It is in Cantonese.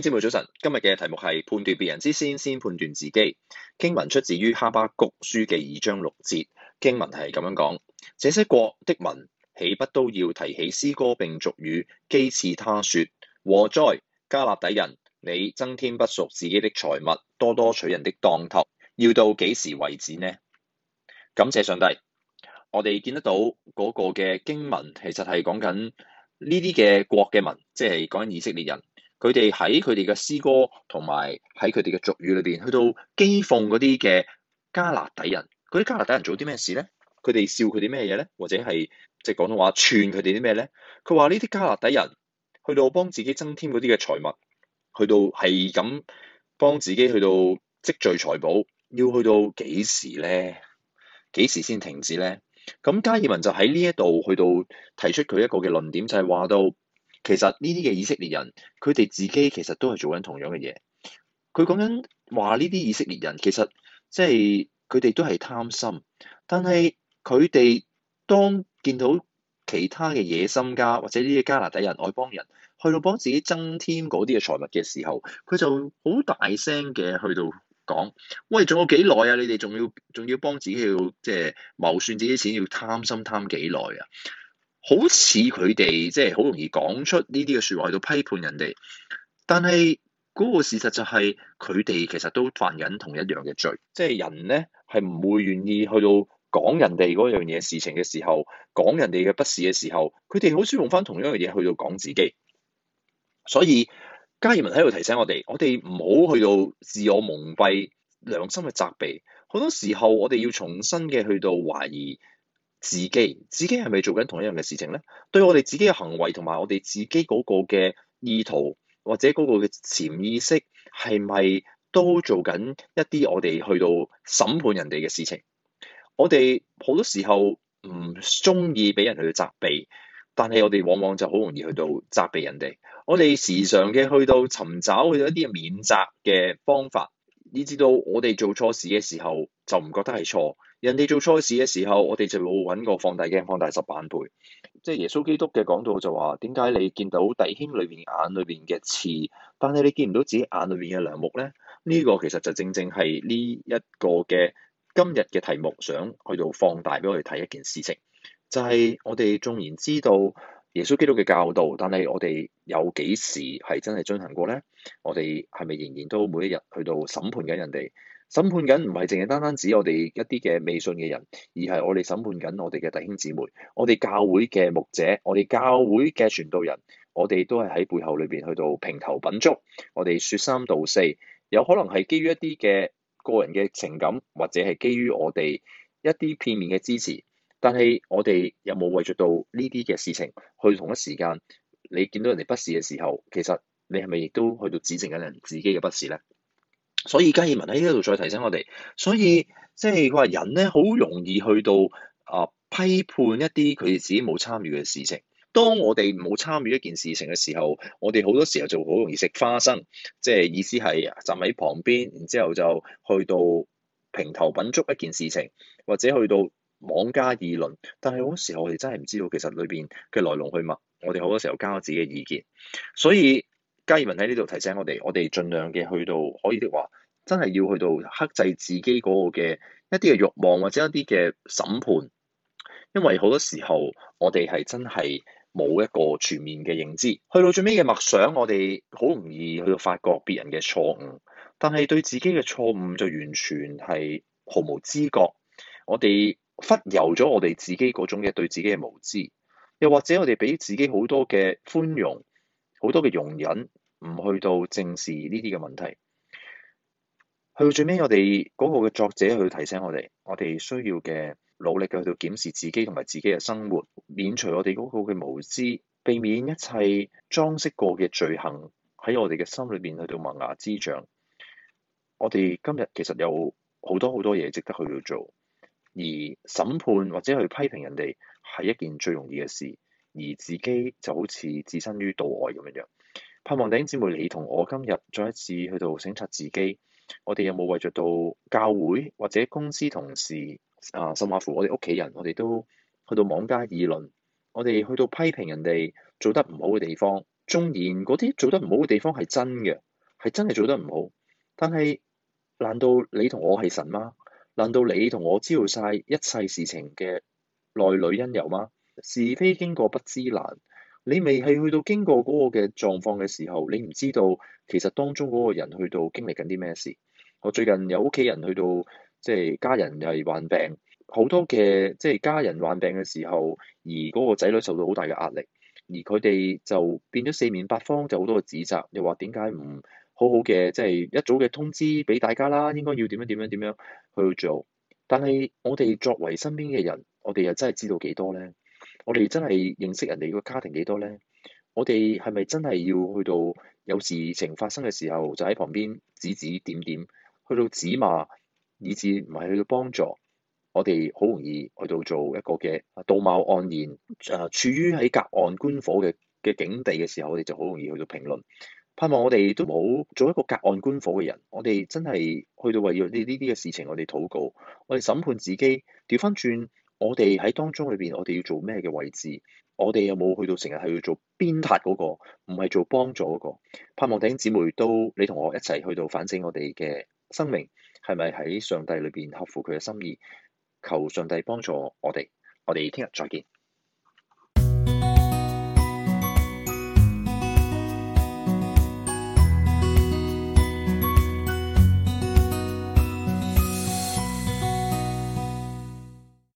今朝早晨，今日嘅題目係判斷別人之先，先判斷自己。經文出自於哈巴谷書記二章六節，經文係咁樣講：這些國的民豈不都要提起詩歌並俗語，譏刺他說：禍災加納底人，你增添不屬自己的財物，多多取人的當頭，要到幾時為止呢？感謝上帝，我哋見得到嗰個嘅經文，其實係講緊呢啲嘅國嘅民，即係講緊以色列人。佢哋喺佢哋嘅詩歌同埋喺佢哋嘅俗語裏邊，去到譏諷嗰啲嘅迦勒底人，嗰啲迦勒底人做啲咩事咧？佢哋笑佢啲咩嘢咧？或者係即係廣東話串佢哋啲咩咧？佢話呢啲迦勒底人去到幫自己增添嗰啲嘅財物，去到係咁幫自己去到積聚財寶，要去到幾時咧？幾時先停止咧？咁加爾文就喺呢一度去到提出佢一個嘅論點，就係話到。其實呢啲嘅以色列人，佢哋自己其實都係做緊同樣嘅嘢。佢講緊話呢啲以色列人，其實即係佢哋都係貪心，但係佢哋當見到其他嘅野心家或者呢啲加拿大人外邦人去到幫自己增添嗰啲嘅財物嘅時候，佢就好大聲嘅去到講：喂，仲有幾耐啊？你哋仲要仲要幫自己要即係謀算自己錢要貪心貪幾耐啊？好似佢哋即係好容易講出呢啲嘅說話去到批判人哋，但係嗰個事實就係佢哋其實都犯緊同一樣嘅罪。即係人咧係唔會願意去到講人哋嗰樣嘢，事情嘅時候，講人哋嘅不是嘅時候，佢哋好少用翻同樣一樣嘢去到講自己。所以加爾文喺度提醒我哋，我哋唔好去到自我蒙蔽良心嘅責備。好多時候我哋要重新嘅去到懷疑。自己，自己係咪做緊同一樣嘅事情咧？對我哋自己嘅行為同埋我哋自己嗰個嘅意圖或者嗰個嘅潛意識，係咪都做緊一啲我哋去到審判人哋嘅事情？我哋好多時候唔中意俾人去責備，但係我哋往往就好容易去到責備人哋。我哋時常嘅去到尋找去到一啲嘅免責嘅方法，以至到我哋做錯事嘅時候就唔覺得係錯。人哋做錯事嘅時候，我哋就冇揾過放大鏡放大十萬倍。即係耶穌基督嘅講道就話，點解你見到弟兄裏面眼裏邊嘅刺，但係你見唔到自己眼裏邊嘅梁木咧？呢、這個其實就正正係呢一個嘅今日嘅題目，想去到放大俾我哋睇一件事情。就係、是、我哋縱然知道耶穌基督嘅教導，但係我哋有幾時係真係進行過咧？我哋係咪仍然都每一日去到審判緊人哋？審判緊唔係淨係單單指我哋一啲嘅未信嘅人，而係我哋審判緊我哋嘅弟兄姊妹、我哋教會嘅牧者、我哋教會嘅傳道人，我哋都係喺背後裏邊去到評頭品足，我哋説三道四，有可能係基於一啲嘅個人嘅情感，或者係基於我哋一啲片面嘅支持。但係我哋有冇為著到呢啲嘅事情，去同一時間你見到人哋不是嘅時候，其實你係咪亦都去到指證緊人自己嘅不是咧？所以嘉爾文喺呢度再提醒我哋，所以即係話人咧好容易去到啊批判一啲佢自己冇參與嘅事情。當我哋冇參與一件事情嘅時候，我哋好多時候就好容易食花生，即係意思係站喺旁邊，然之後就去到評頭品足一件事情，或者去到妄加議論。但係好多時候我哋真係唔知道其實裏邊嘅來龍去脈。我哋好多時候加自己嘅意見，所以。加爾文喺呢度提醒我哋，我哋盡量嘅去到，可以的話，真係要去到克制自己嗰個嘅一啲嘅慾望或者一啲嘅審判，因為好多時候我哋係真係冇一個全面嘅認知。去到最尾嘅默想，我哋好容易去到發覺別人嘅錯誤，但係對自己嘅錯誤就完全係毫無知覺。我哋忽悠咗我哋自己嗰種嘅對自己嘅無知，又或者我哋俾自己好多嘅寬容，好多嘅容忍。唔去到正視呢啲嘅問題，去到最尾，我哋嗰個嘅作者去提醒我哋，我哋需要嘅努力去到檢視自己同埋自己嘅生活，免除我哋嗰個嘅無知，避免一切裝飾過嘅罪行喺我哋嘅心裏面去到萌芽滋長。我哋今日其實有好多好多嘢值得去到做，而審判或者去批評人哋係一件最容易嘅事，而自己就好似置身於道外咁樣樣。盼望弟兄姊妹，你同我今日再一次去到省察自己，我哋有冇為著到教會或者公司同事啊，甚至乎我哋屋企人，我哋都去到妄加議論，我哋去到批評人哋做得唔好嘅地方，縱然嗰啲做得唔好嘅地方係真嘅，係真係做得唔好，但係難道你同我係神嗎？難道你同我知道晒一切事情嘅內裏因由嗎？是非經過不知難。你未係去到經過嗰個嘅狀況嘅時候，你唔知道其實當中嗰個人去到經歷緊啲咩事。我最近有屋企人去到即係家人又係患病，好多嘅即係家人患病嘅、就是、時候，而嗰個仔女受到好大嘅壓力，而佢哋就變咗四面八方就好多嘅指責，又話點解唔好好嘅即係一早嘅通知俾大家啦，應該要點樣點樣點樣去做。但係我哋作為身邊嘅人，我哋又真係知道幾多咧？我哋真係認識人哋個家庭幾多咧？我哋係咪真係要去到有事情發生嘅時候，就喺旁邊指指點點，去到指罵，以至唔係去到幫助？我哋好容易去到做一個嘅道貌岸然，啊，處於喺隔岸觀火嘅嘅境地嘅時候，我哋就好容易去到評論。盼望我哋都冇做一個隔岸觀火嘅人。我哋真係去到為要呢啲嘅事情，我哋禱告，我哋審判自己，掉返轉。我哋喺當中裏邊，我哋要做咩嘅位置？我哋有冇去到成日係要做鞭撻嗰個，唔係做幫助嗰個？盼望弟兄姊妹都你同我一齊去到反省我哋嘅生命，係咪喺上帝裏邊合乎佢嘅心意？求上帝幫助我哋，我哋聽日再見。